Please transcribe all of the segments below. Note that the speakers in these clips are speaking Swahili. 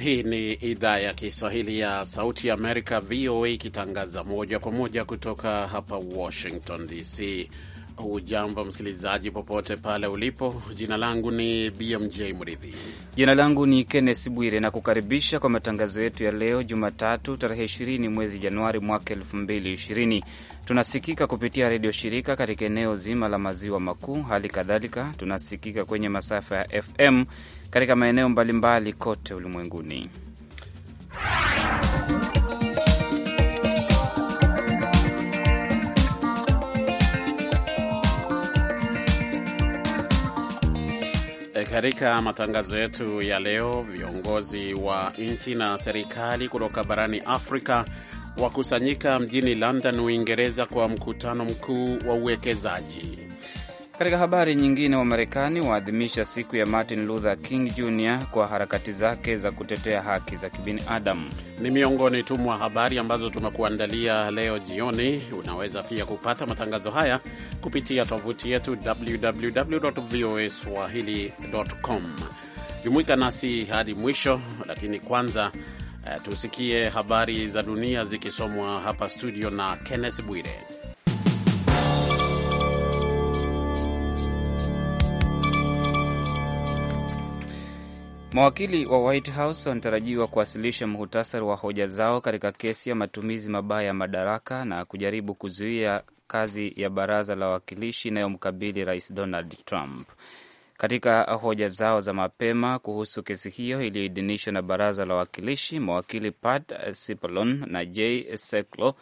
Hii ni idhaa ya Kiswahili ya Sauti ya Amerika, VOA, ikitangaza moja kwa moja kutoka hapa Washington DC. Hujambo msikilizaji, popote pale ulipo. Jina langu ni BMJ Mridhi. Jina langu ni Kennes Bwire na kukaribisha kwa matangazo yetu ya leo Jumatatu, tarehe 20 mwezi Januari mwaka 2020. Tunasikika kupitia redio shirika katika eneo zima la maziwa makuu. Hali kadhalika tunasikika kwenye masafa ya FM katika maeneo mbalimbali kote ulimwenguni. E, katika matangazo yetu ya leo, viongozi wa nchi na serikali kutoka barani Afrika wakusanyika mjini London, Uingereza, kwa mkutano mkuu wa uwekezaji. Katika habari nyingine, Wamarekani waadhimisha siku ya Martin Luther King Jr kwa harakati zake za kutetea haki za kibinadamu. Ni miongoni tu mwa habari ambazo tumekuandalia leo jioni. Unaweza pia kupata matangazo haya kupitia tovuti yetu www voa swahili com. Jumuika nasi hadi mwisho, lakini kwanza Uh, tusikie habari za dunia zikisomwa hapa studio na Kenneth Bwire. Mawakili wa White House wanatarajiwa kuwasilisha muhtasari wa hoja zao katika kesi ya matumizi mabaya ya madaraka na kujaribu kuzuia kazi ya baraza la wawakilishi inayomkabili rais Donald Trump. Katika hoja zao za mapema kuhusu kesi hiyo iliyoidhinishwa na baraza la wawakilishi, mawakili Pat Cipollone na Jay Sekulow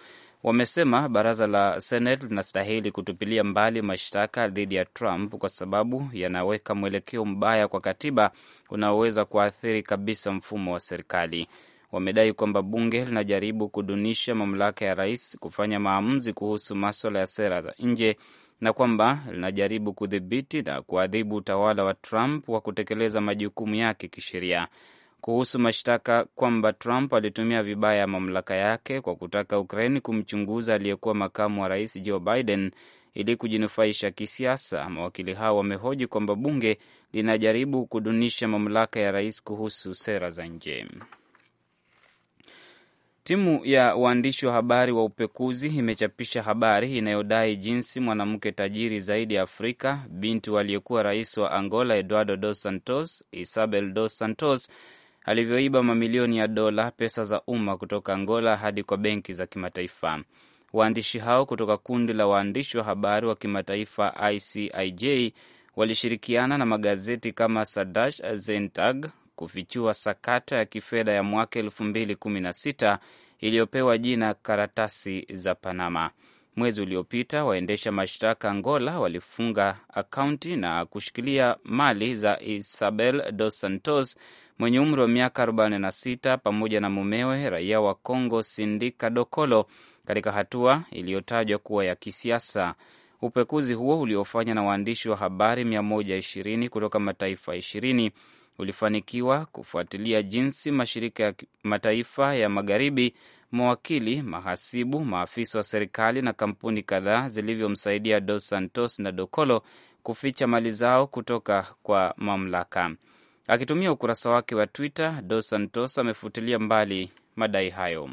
wamesema baraza la Senate linastahili kutupilia mbali mashtaka dhidi ya Trump kwa sababu yanaweka mwelekeo mbaya kwa katiba unaoweza kuathiri kabisa mfumo wa serikali. Wamedai kwamba bunge linajaribu kudunisha mamlaka ya rais kufanya maamuzi kuhusu maswala ya sera za nje na kwamba linajaribu kudhibiti na kuadhibu utawala wa Trump wa kutekeleza majukumu yake kisheria. Kuhusu mashtaka kwamba Trump alitumia vibaya mamlaka yake kwa kutaka Ukraini kumchunguza aliyekuwa makamu wa rais Joe Biden ili kujinufaisha kisiasa, mawakili hao wamehoji kwamba bunge linajaribu kudunisha mamlaka ya rais kuhusu sera za nje. Timu ya waandishi wa habari wa upekuzi imechapisha habari inayodai jinsi mwanamke tajiri zaidi ya Afrika, binti waliyekuwa rais wa Angola Eduardo Dos Santos, Isabel Dos Santos, alivyoiba mamilioni ya dola pesa za umma kutoka Angola hadi kwa benki za kimataifa. Waandishi hao kutoka kundi la waandishi wa habari wa kimataifa ICIJ walishirikiana na magazeti kama Sadash Zentag, kufichua sakata ya kifedha ya mwaka 2016 iliyopewa jina karatasi za Panama. Mwezi uliopita waendesha mashtaka Angola walifunga akaunti na kushikilia mali za Isabel Dos Santos mwenye umri wa miaka 46 pamoja na mumewe raia wa Congo Sindika Dokolo katika hatua iliyotajwa kuwa ya kisiasa. Upekuzi huo uliofanywa na waandishi wa habari 120 kutoka mataifa ulifanikiwa kufuatilia jinsi mashirika ya mataifa ya magharibi, mawakili, mahasibu, maafisa wa serikali na kampuni kadhaa zilivyomsaidia Dos Santos na Dokolo kuficha mali zao kutoka kwa mamlaka. Akitumia ukurasa wake wa Twitter, Dos Santos amefutilia mbali madai hayo.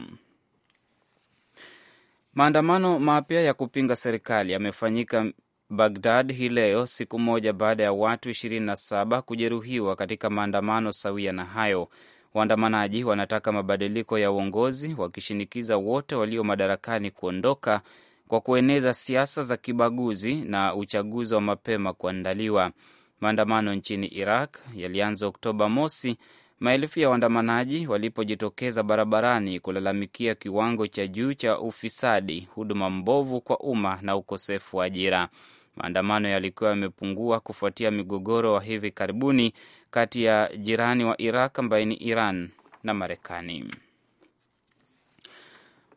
Maandamano mapya ya kupinga serikali yamefanyika Bagdad hii leo, siku moja baada ya watu 27 kujeruhiwa katika maandamano sawia na hayo. Waandamanaji wanataka mabadiliko ya uongozi, wakishinikiza wote walio madarakani kuondoka kwa kueneza siasa za kibaguzi na uchaguzi wa mapema kuandaliwa. Maandamano nchini Iraq yalianza Oktoba mosi Maelfu ya waandamanaji walipojitokeza barabarani kulalamikia kiwango cha juu cha ufisadi, huduma mbovu kwa umma na ukosefu wa ajira. Maandamano yalikuwa yamepungua kufuatia migogoro wa hivi karibuni kati ya jirani wa Iraq ambaye ni Iran na Marekani.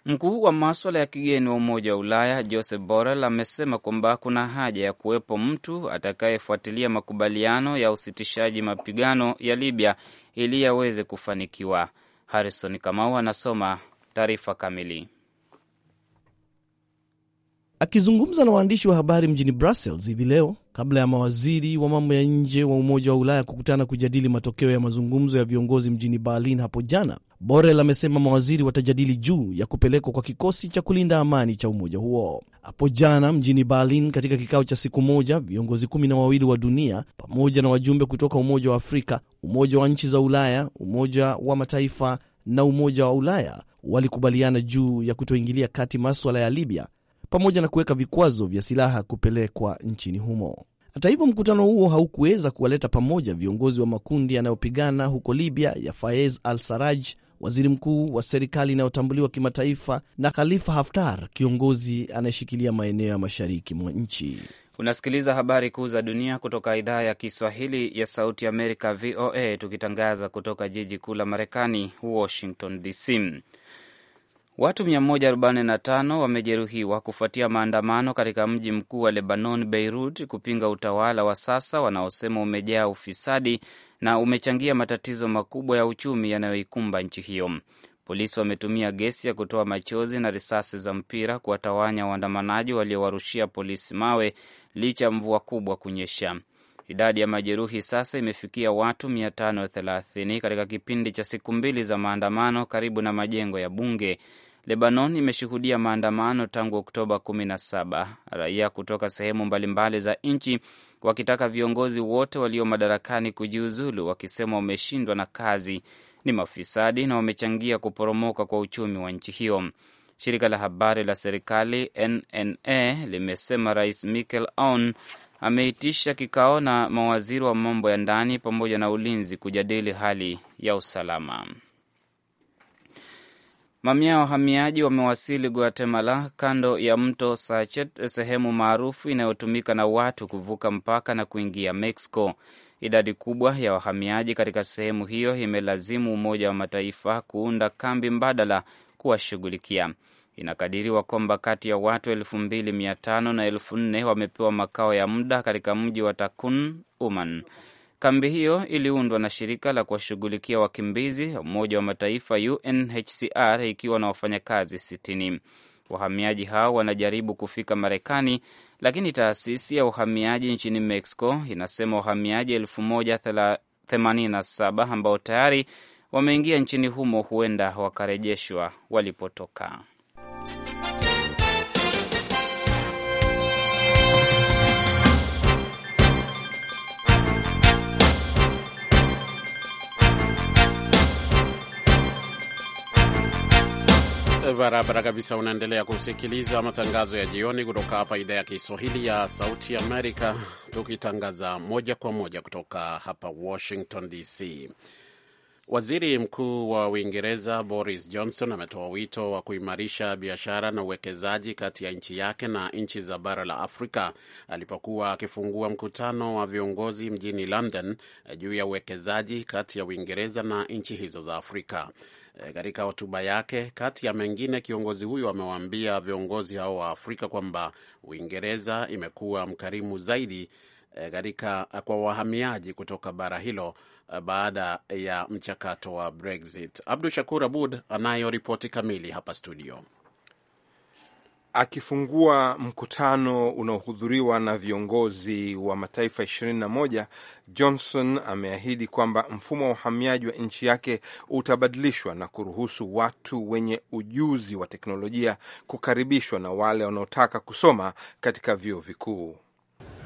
Mkuu wa maswala ya kigeni wa Umoja wa Ulaya Joseph Borrell amesema kwamba kuna haja ya kuwepo mtu atakayefuatilia makubaliano ya usitishaji mapigano ya Libya ili yaweze kufanikiwa. Harrison Kamau anasoma taarifa kamili. Akizungumza na waandishi wa habari mjini Brussels hivi leo, kabla ya mawaziri wa mambo ya nje wa Umoja wa Ulaya kukutana kujadili matokeo ya mazungumzo ya viongozi mjini Berlin hapo jana. Borel amesema mawaziri watajadili juu ya kupelekwa kwa kikosi cha kulinda amani cha umoja huo. Hapo jana mjini Berlin, katika kikao cha siku moja, viongozi kumi na wawili wa dunia pamoja na wajumbe kutoka Umoja wa Afrika, Umoja wa nchi za Ulaya, Umoja wa Mataifa na Umoja wa Ulaya walikubaliana juu ya kutoingilia kati maswala ya Libya pamoja na kuweka vikwazo vya silaha kupelekwa nchini humo. Hata hivyo, mkutano huo haukuweza kuwaleta pamoja viongozi wa makundi yanayopigana huko Libya ya Fayez al saraj waziri mkuu wa serikali inayotambuliwa kimataifa, na Khalifa Haftar, kiongozi anayeshikilia maeneo ya mashariki mwa nchi. Unasikiliza habari kuu za dunia kutoka idhaa ya Kiswahili ya Sauti Amerika, VOA, tukitangaza kutoka jiji kuu la Marekani, Washington DC. Watu 145 wamejeruhiwa kufuatia maandamano katika mji mkuu wa Lebanon, Beirut, kupinga utawala wa sasa wanaosema umejaa ufisadi na umechangia matatizo makubwa ya uchumi yanayoikumba nchi hiyo. Polisi wametumia gesi ya kutoa machozi na risasi za mpira kuwatawanya waandamanaji waliowarushia polisi mawe licha ya mvua kubwa kunyesha. Idadi ya majeruhi sasa imefikia watu 530 katika kipindi cha siku mbili za maandamano karibu na majengo ya bunge. Lebanon imeshuhudia maandamano tangu Oktoba 17, raia kutoka sehemu mbalimbali za nchi wakitaka viongozi wote walio madarakani kujiuzulu, wakisema wameshindwa na kazi, ni mafisadi na wamechangia kuporomoka kwa uchumi wa nchi hiyo. Shirika la habari la serikali NNA limesema Rais Michel Aoun ameitisha kikao na mawaziri wa mambo ya ndani pamoja na ulinzi kujadili hali ya usalama. Mamia ya wahamiaji wamewasili Guatemala kando ya mto Sachet, sehemu maarufu inayotumika na watu kuvuka mpaka na kuingia Mexico. Idadi kubwa ya wahamiaji katika sehemu hiyo imelazimu Umoja wa Mataifa kuunda kambi mbadala kuwashughulikia. Inakadiriwa kwamba kati ya watu elfu na elfu wamepewa makao ya muda katika mji wa Takun Uman. Kambi hiyo iliundwa na shirika la kuwashughulikia wakimbizi a Umoja wa Mataifa, UNHCR, ikiwa na wafanyakazi 60. Wahamiaji hao wanajaribu kufika Marekani, lakini taasisi ya uhamiaji nchini Mexico inasema wahamiaji 1087 ambao tayari wameingia nchini humo huenda wakarejeshwa walipotoka. Barabara kabisa. Unaendelea kusikiliza matangazo ya jioni kutoka hapa idhaa ya Kiswahili ya Sauti Amerika, tukitangaza moja kwa moja kutoka hapa Washington DC. Waziri Mkuu wa Uingereza Boris Johnson ametoa wito wa kuimarisha biashara na uwekezaji kati ya nchi yake na nchi za bara la Afrika alipokuwa akifungua mkutano wa viongozi mjini London eh, juu ya uwekezaji kati ya Uingereza na nchi hizo za Afrika. Eh, katika hotuba yake, kati ya mengine, kiongozi huyo amewaambia viongozi hao wa Afrika kwamba Uingereza imekuwa mkarimu zaidi Eh, katika eh, kwa wahamiaji kutoka bara hilo eh, baada ya mchakato wa Brexit. Abdu Shakur Abud anayo ripoti kamili hapa studio. Akifungua mkutano unaohudhuriwa na viongozi wa mataifa 21, Johnson ameahidi kwamba mfumo wa uhamiaji wa nchi yake utabadilishwa na kuruhusu watu wenye ujuzi wa teknolojia kukaribishwa na wale wanaotaka kusoma katika vyuo vikuu.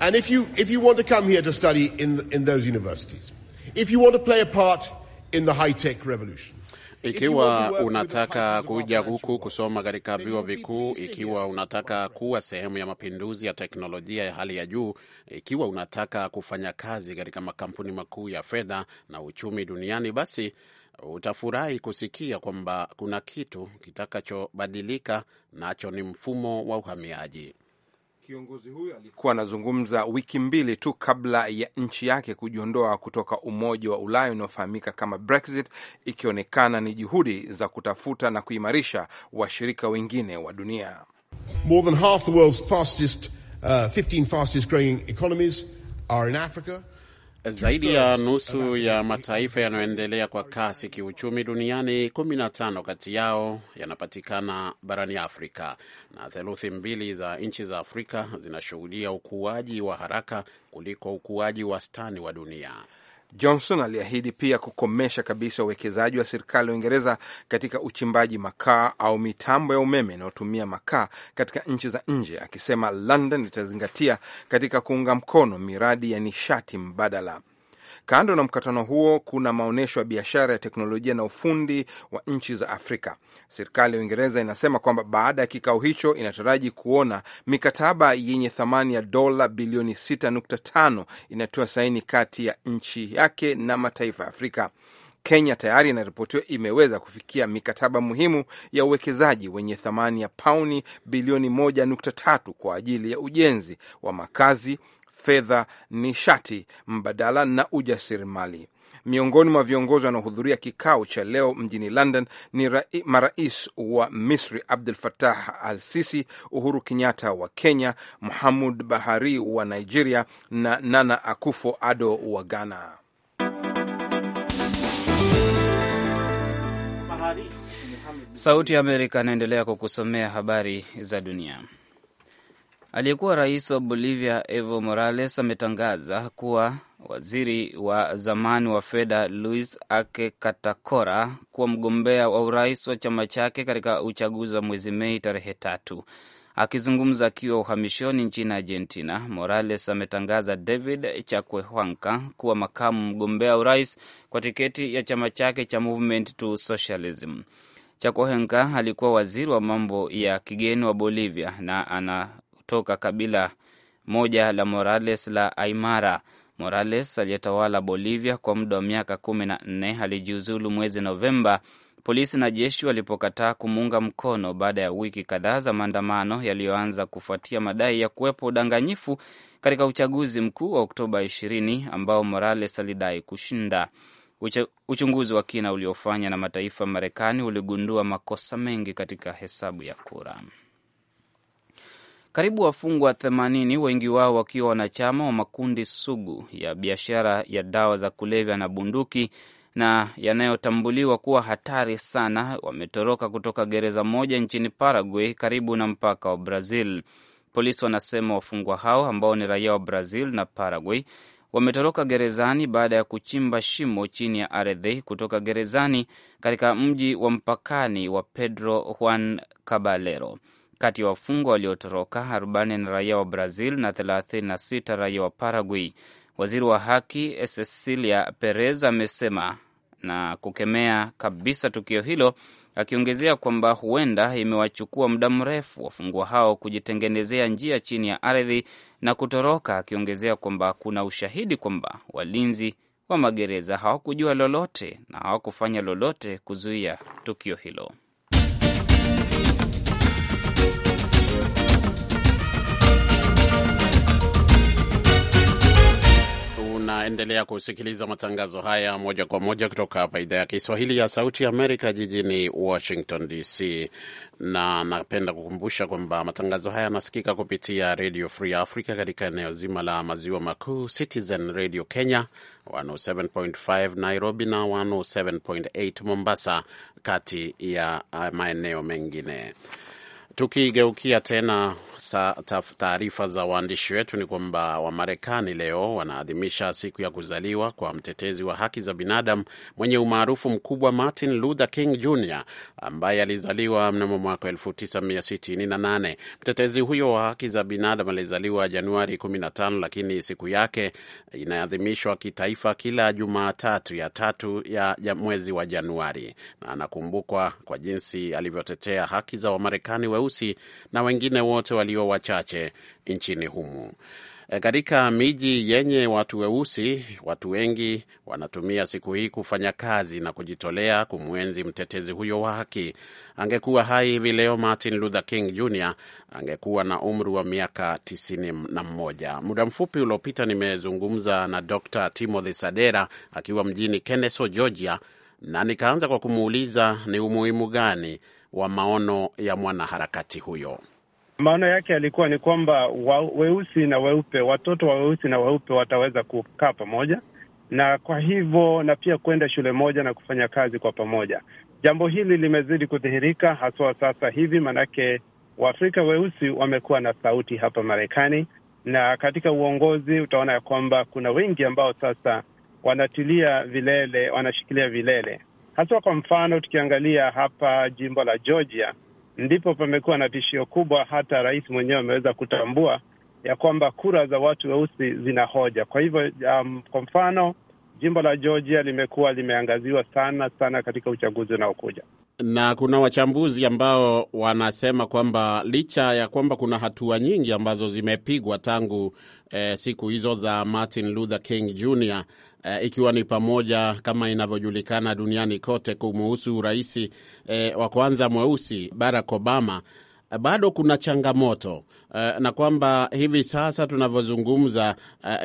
And if you, if you want to come here to study in, in those universities, if you want to play a part in the high-tech revolution, ikiwa unataka kuja huku kusoma katika vyuo vikuu, ikiwa unataka kuwa sehemu ya mapinduzi ya teknolojia ya hali ya juu, ikiwa unataka kufanya kazi katika makampuni makuu ya fedha na uchumi duniani, basi utafurahi kusikia kwamba kuna kitu kitakachobadilika nacho ni mfumo wa uhamiaji. Kiongozi huyo alikuwa anazungumza wiki mbili tu kabla ya nchi yake kujiondoa kutoka Umoja wa Ulaya unaofahamika kama Brexit, ikionekana ni juhudi za kutafuta na kuimarisha washirika wengine wa dunia. More than half the world's fastest, uh, 15 fastest growing economies are in Africa. Zaidi ya nusu ya mataifa yanayoendelea kwa kasi kiuchumi duniani, 15 kati yao yanapatikana barani Afrika, na theluthi mbili za nchi za Afrika zinashuhudia ukuaji wa haraka kuliko ukuaji wastani wa dunia. Johnson aliahidi pia kukomesha kabisa uwekezaji wa serikali ya Uingereza katika uchimbaji makaa au mitambo ya umeme inayotumia makaa katika nchi za nje, akisema London itazingatia katika kuunga mkono miradi ya nishati mbadala. Kando na mkutano huo, kuna maonyesho ya biashara ya teknolojia na ufundi wa nchi za Afrika. Serikali ya Uingereza inasema kwamba baada ya kikao hicho inataraji kuona mikataba yenye thamani ya dola bilioni 6.5 inatoa saini kati ya nchi yake na mataifa ya Afrika. Kenya tayari inaripotiwa imeweza kufikia mikataba muhimu ya uwekezaji wenye thamani ya pauni bilioni 1.3 kwa ajili ya ujenzi wa makazi, fedha, nishati mbadala na ujasiriamali. Miongoni mwa viongozi wanaohudhuria kikao cha leo mjini London ni marais wa Misri Abdul fatah al Sisi, Uhuru Kenyatta wa Kenya, muhamud Bahari wa Nigeria na Nana Akufo Ado wa Ghana. Sauti ya Amerika anaendelea kukusomea habari za dunia. Aliyekuwa rais wa Bolivia Evo Morales ametangaza kuwa waziri wa zamani wa fedha Luis Arce Catacora kuwa mgombea wa urais wa chama chake katika uchaguzi wa mwezi Mei tarehe tatu. Akizungumza akiwa uhamishoni nchini Argentina, Morales ametangaza David Chakwehuanca kuwa makamu mgombea urais kwa tiketi ya chama chake cha Movement to Socialism. Chakohenka alikuwa waziri wa mambo ya kigeni wa Bolivia na ana kutoka kabila moja la Morales la Aimara. Morales aliyetawala Bolivia kwa muda wa miaka kumi na nne alijiuzulu mwezi Novemba polisi na jeshi walipokataa kumuunga mkono baada ya wiki kadhaa za maandamano yaliyoanza kufuatia madai ya kuwepo udanganyifu katika uchaguzi mkuu wa Oktoba 20 ambao Morales alidai kushinda. Uchunguzi wa kina uliofanywa na mataifa Marekani uligundua makosa mengi katika hesabu ya kura. Karibu wafungwa 80 wengi wao wakiwa wanachama wa makundi sugu ya biashara ya dawa za kulevya na bunduki na yanayotambuliwa kuwa hatari sana wametoroka kutoka gereza moja nchini Paraguay karibu na mpaka wa Brazil. Polisi wanasema wafungwa hao ambao ni raia wa Brazil na Paraguay wametoroka gerezani baada ya kuchimba shimo chini ya ardhi kutoka gerezani katika mji wa mpakani wa Pedro Juan Caballero. Kati ya wafungwa waliotoroka 40 ni raia wa Brazil na 36 raia wa Paraguay. Waziri wa haki Cecilia Perez amesema na kukemea kabisa tukio hilo, akiongezea kwamba huenda imewachukua muda mrefu wafungwa hao kujitengenezea njia chini ya ardhi na kutoroka, akiongezea kwamba kuna ushahidi kwamba walinzi wa magereza hawakujua lolote na hawakufanya lolote kuzuia tukio hilo. Unaendelea kusikiliza matangazo haya moja kwa moja kutoka hapa idhaa ya Kiswahili ya Sauti ya Amerika jijini Washington DC, na napenda kukumbusha kwamba matangazo haya yanasikika kupitia Radio Free Africa katika eneo zima la maziwa makuu, Citizen Radio Kenya 107.5 Nairobi na 107.8 Mombasa, kati ya eh, maeneo mengine. Tukigeukia tena taarifa za waandishi wetu ni kwamba Wamarekani leo wanaadhimisha siku ya kuzaliwa kwa mtetezi wa haki za binadamu mwenye umaarufu mkubwa Martin Luther King Jr ambaye alizaliwa mnamo mwaka 1968. Mtetezi huyo wa haki za binadamu alizaliwa Januari 15, lakini siku yake inaadhimishwa kitaifa kila Jumatatu ya tatu ya, mwezi wa Januari na anakumbukwa kwa jinsi alivyotetea haki za Wamarekani weusi na wengine wote walio walio wachache nchini humo. E, katika miji yenye watu weusi, watu wengi wanatumia siku hii kufanya kazi na kujitolea kumwenzi mtetezi huyo wa haki. Angekuwa hai hivi leo, Martin Luther King Jr angekuwa na umri wa miaka tisini na mmoja. Muda mfupi uliopita nimezungumza na Dr Timothy Sadera akiwa mjini Kennesaw, Georgia, na nikaanza kwa kumuuliza ni umuhimu gani wa maono ya mwanaharakati huyo. Maana yake yalikuwa ni kwamba wa, weusi na weupe, watoto wa weusi na weupe wataweza kukaa pamoja, na kwa hivyo na pia kwenda shule moja na kufanya kazi kwa pamoja. Jambo hili limezidi kudhihirika haswa sasa hivi, maanake Waafrika weusi wamekuwa na sauti hapa Marekani, na katika uongozi utaona ya kwamba kuna wengi ambao sasa wanatilia vilele, wanashikilia vilele haswa. Kwa mfano tukiangalia hapa jimbo la Georgia ndipo pamekuwa na tishio kubwa. Hata rais mwenyewe ameweza kutambua ya kwamba kura za watu weusi zina hoja. Kwa hivyo, um, kwa mfano jimbo la Georgia limekuwa limeangaziwa sana sana katika uchaguzi unaokuja, na kuna wachambuzi ambao wanasema kwamba licha ya kwamba kuna hatua nyingi ambazo zimepigwa tangu eh, siku hizo za Martin Luther King Jr Uh, ikiwa ni pamoja kama inavyojulikana duniani kote kumuhusu rais eh, wa kwanza mweusi Barack Obama, eh, bado kuna changamoto eh, na kwamba hivi sasa tunavyozungumza,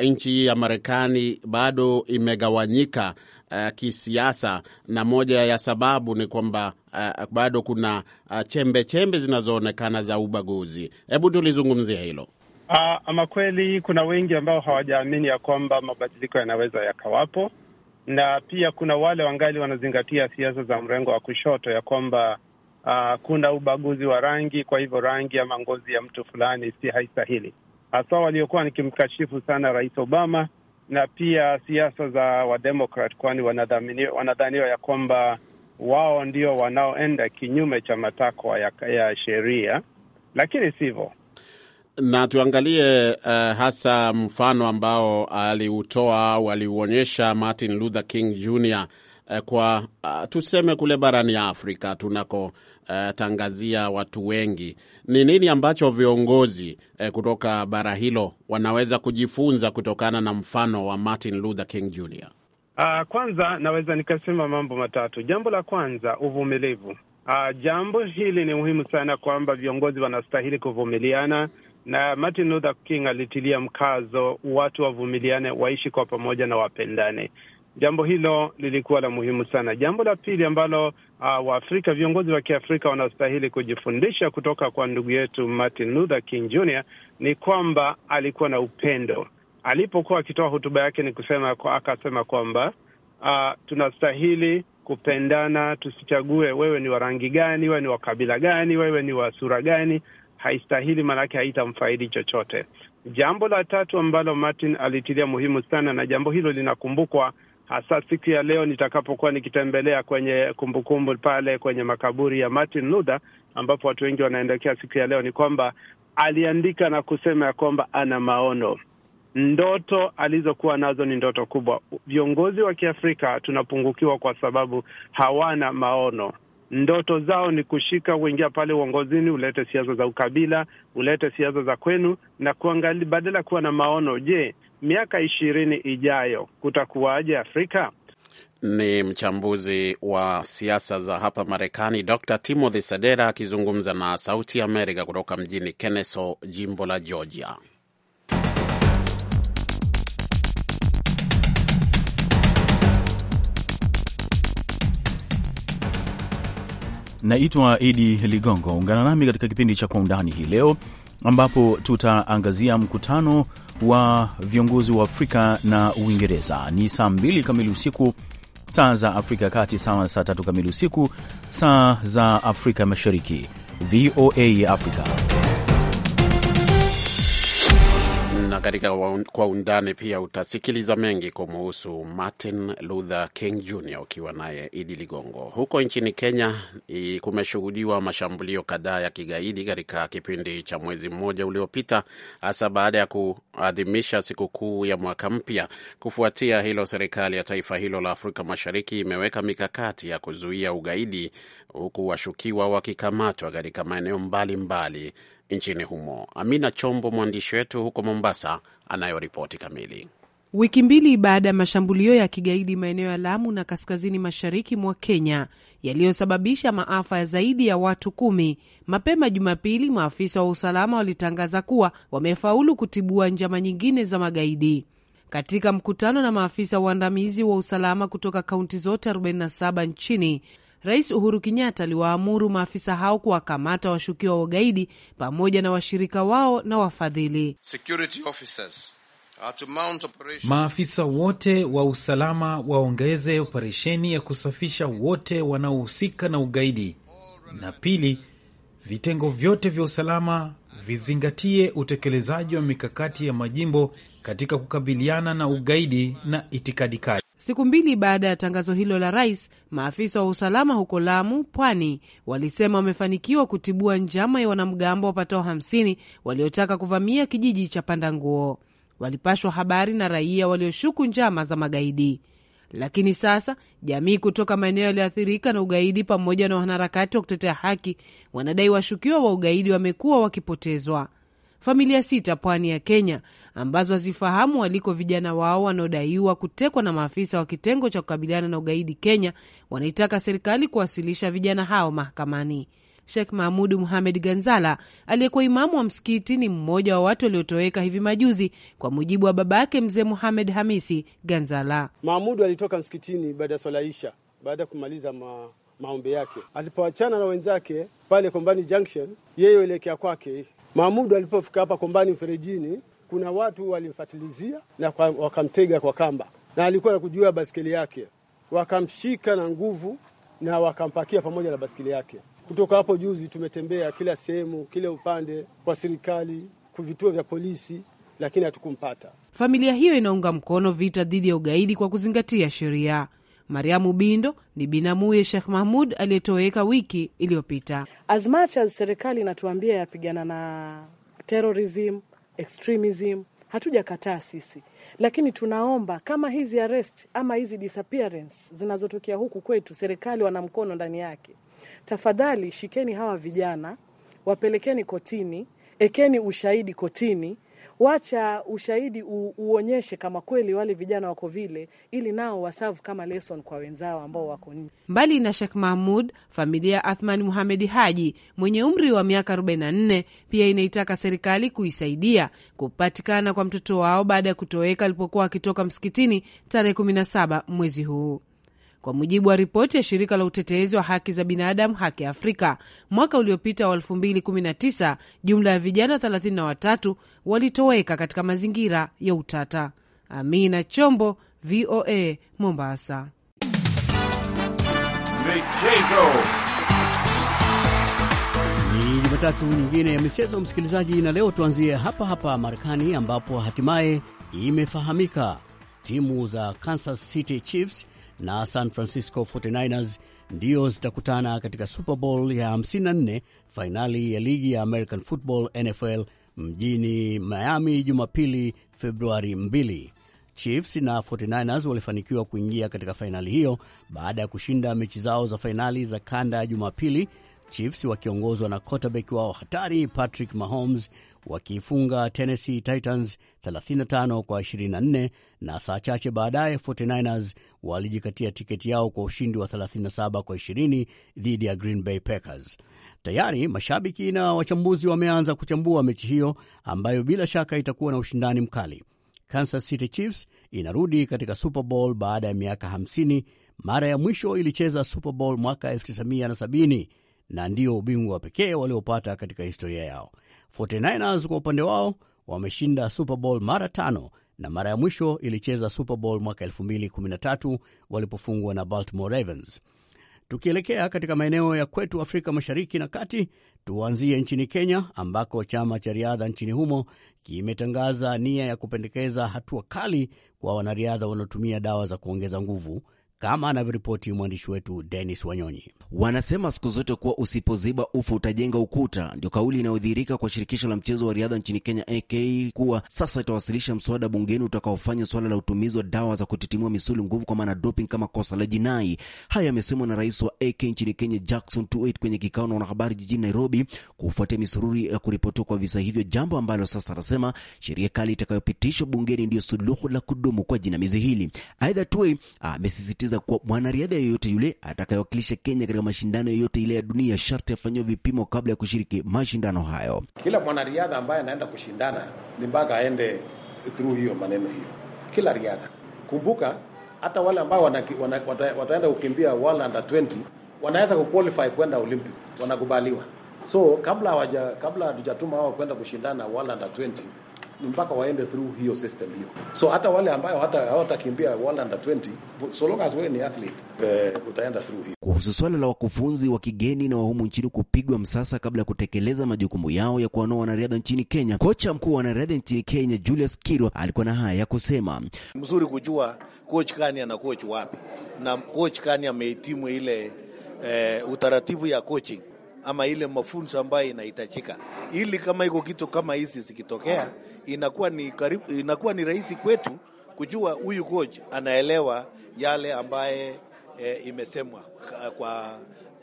nchi ya Marekani bado imegawanyika uh, kisiasa, na moja ya sababu ni kwamba uh, bado kuna uh, chembe chembe zinazoonekana za ubaguzi. Hebu tulizungumzia hilo. Uh, ama kweli kuna wengi ambao hawajaamini ya kwamba mabadiliko yanaweza yakawapo, na pia kuna wale wangali wanazingatia siasa za mrengo wa kushoto ya kwamba uh, kuna ubaguzi wa rangi, kwa hivyo rangi ama ngozi ya mtu fulani si haistahili, hasa waliokuwa nikimkashifu sana Rais Obama na pia siasa za Wademokrat, kwani wanadhaniwa ya kwamba wao ndio wanaoenda kinyume cha matakwa ya, ya sheria, lakini sivyo na tuangalie uh, hasa mfano ambao aliutoa au aliuonyesha Martin Luther King Jr eh, kwa uh, tuseme kule barani ya Afrika tunakotangazia eh, uh, watu wengi, ni nini ambacho viongozi uh, kutoka bara hilo wanaweza kujifunza kutokana na mfano wa Martin Luther King Jr? Uh, ah, kwanza naweza nikasema mambo matatu. Jambo la kwanza, uvumilivu. Uh, jambo hili ni muhimu sana kwamba viongozi wanastahili kuvumiliana na Martin Luther King alitilia mkazo watu wavumiliane, waishi kwa pamoja na wapendane. Jambo hilo lilikuwa la muhimu sana. Jambo la pili ambalo uh, Waafrika, viongozi wa Kiafrika wanastahili kujifundisha kutoka kwa ndugu yetu Martin Luther King Jr ni kwamba alikuwa na upendo. Alipokuwa akitoa hotuba yake ni kusema kwa, akasema kwamba uh, tunastahili kupendana, tusichague wewe ni wa rangi gani, wewe ni wa kabila gani, wewe ni wa sura gani, haistahili, maanake haitamfaidi chochote. Jambo la tatu ambalo Martin alitilia muhimu sana, na jambo hilo linakumbukwa hasa siku ya leo nitakapokuwa nikitembelea kwenye kumbukumbu pale kwenye makaburi ya Martin Luther, ambapo watu wengi wanaendekea siku ya leo, ni kwamba aliandika na kusema ya kwamba ana maono ndoto alizokuwa nazo ni ndoto kubwa. Viongozi wa Kiafrika tunapungukiwa kwa sababu hawana maono ndoto zao ni kushika kuingia pale uongozini, ulete siasa za ukabila, ulete siasa za kwenu na kuangali, badala ya kuwa na maono, je, miaka ishirini ijayo kutakuwaje Afrika? Ni mchambuzi wa siasa za hapa Marekani, Dr Timothy Sadera akizungumza na Sauti Amerika kutoka mjini Kenneso, jimbo la Georgia. Naitwa Idi Ligongo. Ungana nami katika kipindi cha Kwa Undani hii leo, ambapo tutaangazia mkutano wa viongozi wa Afrika na Uingereza. Ni saa mbili kamili usiku saa za Afrika ya Kati, sawa na saa tatu kamili usiku saa za Afrika Mashariki. VOA Africa na katika kwa undani pia utasikiliza mengi kumuhusu Martin Luther King Jr ukiwa naye Idi Ligongo. Huko nchini Kenya kumeshuhudiwa mashambulio kadhaa ya kigaidi katika kipindi cha mwezi mmoja uliopita, hasa baada ya kuadhimisha sikukuu ya mwaka mpya. Kufuatia hilo, serikali ya taifa hilo la Afrika Mashariki imeweka mikakati ya kuzuia ugaidi, huku washukiwa wakikamatwa katika maeneo mbalimbali nchini humo. Amina Chombo, mwandishi wetu huko Mombasa, anayoripoti kamili. Wiki mbili baada ya mashambulio ya kigaidi maeneo ya Lamu na kaskazini mashariki mwa Kenya yaliyosababisha maafa ya zaidi ya watu kumi, mapema Jumapili maafisa wa usalama walitangaza kuwa wamefaulu kutibua njama nyingine za magaidi. Katika mkutano na maafisa waandamizi wa usalama kutoka kaunti zote 47 nchini, Rais Uhuru Kenyatta aliwaamuru maafisa hao kuwakamata washukiwa wa ugaidi pamoja na washirika wao na wafadhili. Security officers Maafisa wote wa usalama waongeze operesheni ya kusafisha wote wanaohusika na ugaidi. Na pili, vitengo vyote vya usalama vizingatie utekelezaji wa mikakati ya majimbo katika kukabiliana na ugaidi na itikadi kali. Siku mbili baada ya tangazo hilo la rais, maafisa wa usalama huko Lamu, Pwani, walisema wamefanikiwa kutibua njama ya wanamgambo wapatao 50 waliotaka kuvamia kijiji cha panda nguo Walipashwa habari na raia walioshuku njama za magaidi. Lakini sasa jamii kutoka maeneo yaliyoathirika na ugaidi pamoja na wanaharakati wa kutetea haki wanadai washukiwa wa ugaidi wamekuwa wakipotezwa. Familia sita pwani ya Kenya ambazo hazifahamu waliko vijana wao wanaodaiwa kutekwa na maafisa wa kitengo cha kukabiliana na ugaidi Kenya, wanaitaka serikali kuwasilisha vijana hao mahakamani. Sheikh Mahmudu Muhamed Ganzala aliyekuwa imamu wa msikiti ni mmoja wa watu waliotoweka hivi majuzi, kwa mujibu wa baba yake mzee Muhamed Hamisi Ganzala. Mahmudu alitoka msikitini baada ya swala isha, baada ya kumaliza ma, maombi yake. Alipoachana na wenzake pale Kombani Junction, yeye elekea kwake. Mahmudu alipofika hapa Kombani mferejini kuna watu walimfatilizia na wakamtega kwa kamba, na alikuwa na kujua baskeli yake, wakamshika na nguvu na wakampakia pamoja na baskeli yake. Kutoka hapo juzi tumetembea kila sehemu, kila upande, kwa serikali, kwa vituo vya polisi, lakini hatukumpata. Familia hiyo inaunga mkono vita dhidi ya ugaidi kwa kuzingatia sheria. Mariamu Bindo ni binamuye Sheikh Mahmud aliyetoweka wiki iliyopita. As much as serikali inatuambia yapigana na terorism, extremism hatujakataa sisi, lakini tunaomba kama hizi arrest ama hizi disappearance zinazotokea huku kwetu, serikali wana mkono ndani yake. Tafadhali shikeni hawa vijana, wapelekeni kotini, ekeni ushahidi kotini wacha ushahidi uonyeshe kama kweli wale vijana wako vile, ili nao wasavu kama lesson kwa wenzao ambao wako nje. Mbali na Sheikh Mahmud, familia ya Athmani Muhamedi Haji mwenye umri wa miaka 44 pia inaitaka serikali kuisaidia kupatikana kwa mtoto wao baada ya kutoweka alipokuwa akitoka msikitini tarehe 17 mwezi huu. Kwa mujibu wa ripoti ya shirika la utetezi wa haki za binadamu Haki Afrika, mwaka uliopita wa 2019 jumla ya vijana 33 walitoweka katika mazingira ya utata. Amina Chombo, VOA Mombasa. Michezo. Ni Jumatatu nyingine ya michezo, msikilizaji, na leo tuanzie hapa hapa Marekani ambapo hatimaye imefahamika timu za Kansas City Chiefs na San Francisco 49ers ndiyo zitakutana katika Super Bowl ya 54 fainali ya ligi ya American Football NFL mjini Miami Jumapili, Februari 2. Chiefs na 49ers walifanikiwa kuingia katika fainali hiyo baada ya kushinda mechi zao za fainali za kanda ya Jumapili, Chiefs wakiongozwa na quarterback wao hatari Patrick Mahomes wakiifunga Tennessee Titans 35 kwa 24, na saa chache baadaye 49ers walijikatia tiketi yao kwa ushindi wa 37 kwa 20 dhidi ya Green Bay Packers. Tayari mashabiki na wachambuzi wameanza kuchambua mechi hiyo ambayo bila shaka itakuwa na ushindani mkali. Kansas City Chiefs inarudi katika Super Bowl baada ya miaka 50. Mara ya mwisho ilicheza Super Bowl mwaka 1970 na ndiyo ubingwa pekee waliopata katika historia yao. 49ers kwa upande wao wameshinda Super Bowl mara tano na mara ya mwisho ilicheza Super Bowl mwaka 2013 walipofungwa na Baltimore Ravens. Tukielekea katika maeneo ya kwetu Afrika Mashariki na Kati, tuanzie nchini Kenya ambako chama cha riadha nchini humo kimetangaza nia ya kupendekeza hatua kali kwa wanariadha wanaotumia dawa za kuongeza nguvu kama anavyoripoti mwandishi wetu Denis Wanyonyi. Wanasema siku zote kuwa usipoziba ufa utajenga ukuta, ndio kauli inayodhihirika kwa shirikisho la mchezo wa riadha nchini Kenya AK kuwa sasa itawasilisha mswada bungeni utakaofanya suala la utumizi wa dawa za kutitimua misuli nguvu kwa maana doping kama kosa la jinai. Haya yamesemwa na rais wa AK nchini Kenya Jackson Tuwait kwenye kikao na wanahabari jijini Nairobi kufuatia misururi ya kuripotiwa kwa visa hivyo, jambo ambalo sasa anasema sheria kali itakayopitishwa bungeni ndiyo suluhu la kudumu kwa jinamizi hili. Aidha, Tuwait amesisitiza akisisitiza kuwa mwanariadha yoyote yule atakayewakilisha Kenya katika mashindano yoyote ile ya dunia sharti afanyiwe vipimo kabla ya kushiriki mashindano hayo. Kila mwanariadha ambaye anaenda kushindana ni mpaka aende through hiyo maneno hiyo, kila riadha. Kumbuka hata wale ambao wana, wata, wataenda kukimbia world under 20 wanaweza kuqualify kwenda Olympic, wanakubaliwa. So kabla hawaja kabla hatujatuma hao kwenda kushindana world under 20 mpaka waende through hiyo system hiyo. So hata wale ambayo hata hawatakimbia world under 20 so long as wewe ni athlete eh, utaenda through hiyo. Kuhusu swala la wakufunzi wa kigeni na wahumu nchini kupigwa msasa kabla ya kutekeleza majukumu yao ya kuwanoa wanariadha nchini Kenya, kocha mkuu wa wanariadha nchini Kenya Julius Kirwa alikuwa na haya ya kusema: mzuri kujua coach kani ana coach wapi na coach kani amehitimu ile eh, utaratibu ya coaching ama ile mafunzo ambayo inahitajika, ili kama iko kitu kama hizi zikitokea inakuwa ni karibu, inakuwa ni rahisi kwetu kujua huyu coach anaelewa yale ambaye e, imesemwa kwa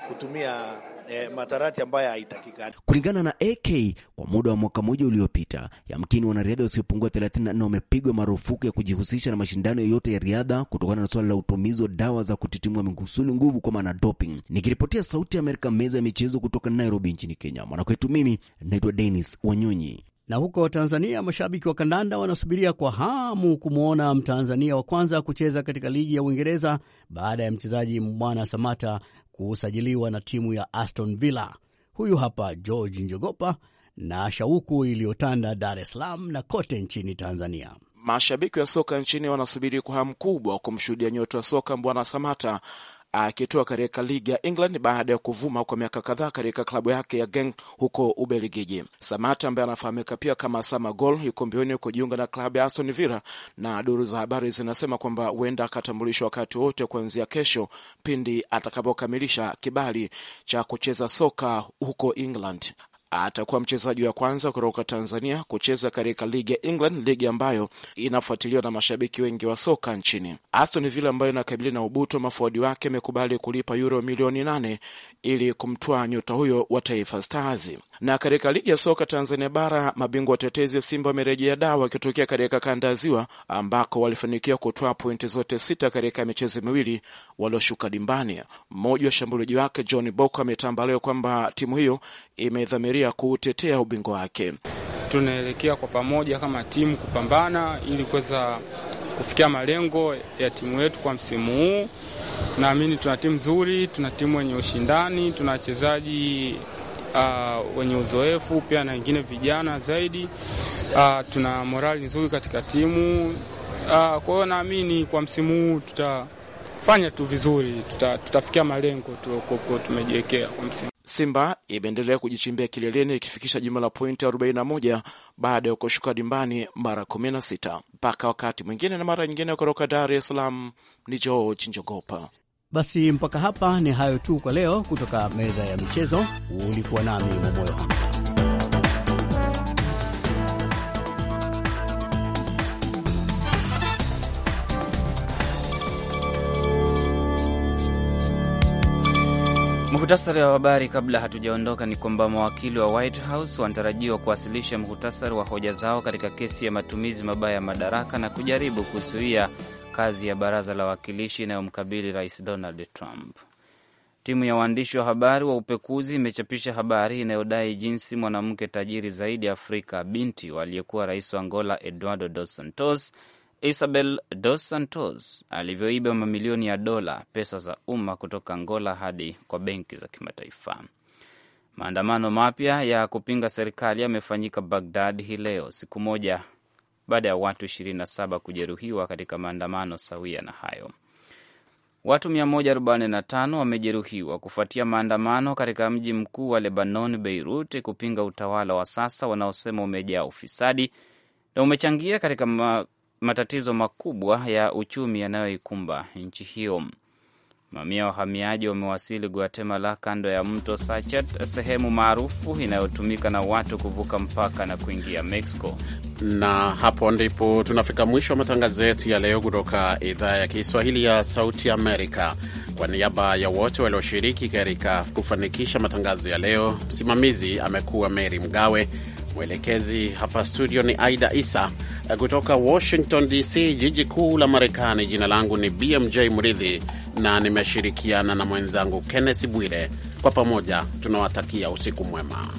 kutumia E, matarati ambayo haitakikani kulingana na AK. Kwa muda wa mwaka mmoja uliopita, yamkini wanariadha wasiopungua 34 wamepigwa marufuku ya kujihusisha na mashindano yoyote ya riadha kutokana na suala la utumizi wa dawa za kutitimua misuli nguvu kwa maana doping. Nikiripotia Sauti ya Amerika, meza ya michezo kutoka Nairobi nchini Kenya, mwanakwetu mimi naitwa Dennis Wanyonyi. Na huko Tanzania, mashabiki wa kandanda wanasubiria kwa hamu kumwona Mtanzania wa kwanza kucheza katika ligi ya Uingereza baada ya mchezaji Mbwana Samata kusajiliwa na timu ya Aston Villa. Huyu hapa George Njogopa na shauku iliyotanda Dar es Salaam na kote nchini Tanzania. Mashabiki wa soka nchini wanasubiri kwa hamu kubwa kumshuhudia nyota wa soka Mbwana Samata akitua katika ligi ya England baada ya kuvuma kwa miaka kadhaa katika klabu yake ya Genk huko Ubelgiji. Samata ambaye anafahamika pia kama Sama Gol yuko mbioni kujiunga na klabu ya Aston Villa, na duru za habari zinasema kwamba huenda akatambulishwa wakati wote kuanzia kesho pindi atakapokamilisha kibali cha kucheza soka huko England atakuwa mchezaji wa kwanza kutoka Tanzania kucheza katika ligi ya England, ligi ambayo inafuatiliwa na mashabiki wengi wa soka nchini. Aston Villa ambayo inakabili na Ubuto, mafuadi wake amekubali kulipa yuro milioni nane ili kumtoa nyota huyo wa Taifa Stars. Na katika ligi ya soka Tanzania Bara, mabingwa watetezi Simba wamerejea dawa wakitokea katika kanda ya Ziwa ambako walifanikiwa kutoa pointi zote sita katika michezo miwili walioshuka dimbani. Mmoja wa shambuliaji wake John Boko ametambalea kwamba timu hiyo imedhamiria sheria kuutetea ubingwa wake. Tunaelekea kwa pamoja kama timu kupambana ili kuweza kufikia malengo ya timu yetu kwa msimu huu. Naamini tuna timu nzuri, tuna timu wenye ushindani, tuna wachezaji uh, wenye uzoefu pia na wengine vijana zaidi. Uh, tuna morali nzuri katika timu uh, kwa hiyo naamini kwa msimu huu tutafanya tu vizuri, tuta, tutafikia malengo tuliokuwa tumejiwekea kwa msimu. Simba imeendelea kujichimbia kileleni ikifikisha jumla la pointi 41 baada ya kushuka dimbani mara 16. Mpaka wakati mwingine na mara nyingine, kutoka Dar es Salaam ni George Njogopa. Basi mpaka hapa ni hayo tu kwa leo, kutoka meza ya michezo. Ulikuwa nami Momoyo. Muhtasari wa habari kabla hatujaondoka ni kwamba mawakili wa White House wanatarajiwa kuwasilisha muhtasari wa hoja zao katika kesi ya matumizi mabaya ya madaraka na kujaribu kuzuia kazi ya baraza la wawakilishi inayomkabili rais Donald Trump. Timu ya waandishi wa habari wa upekuzi imechapisha habari inayodai jinsi mwanamke tajiri zaidi Afrika, binti aliyekuwa rais wa Angola Eduardo Dos Santos Isabel Dos Santos alivyoiba mamilioni ya dola pesa za umma kutoka Angola hadi kwa benki za kimataifa. Maandamano mapya ya kupinga serikali yamefanyika Bagdad hii leo, siku moja baada ya watu 27 kujeruhiwa katika maandamano sawia na hayo. Watu 145 wamejeruhiwa kufuatia maandamano katika mji mkuu wa Lebanon, Beirut, kupinga utawala wa sasa wanaosema umejaa ufisadi na umechangia katika ma matatizo makubwa ya uchumi yanayoikumba nchi hiyo. Mamia ya wahamiaji wamewasili Guatemala kando ya mto Sachet, sehemu maarufu inayotumika na watu kuvuka mpaka na kuingia Mexico. Na hapo ndipo tunafika mwisho wa matangazo yetu ya leo kutoka idhaa ya Kiswahili ya Sauti Amerika. Kwa niaba ya wote walioshiriki katika kufanikisha matangazo ya leo, msimamizi amekuwa Meri Mgawe. Mwelekezi hapa studio ni Aida Isa kutoka Washington DC, jiji kuu la Marekani. Jina langu ni BMJ Mridhi na nimeshirikiana na mwenzangu Kenneth Bwire. Kwa pamoja tunawatakia usiku mwema.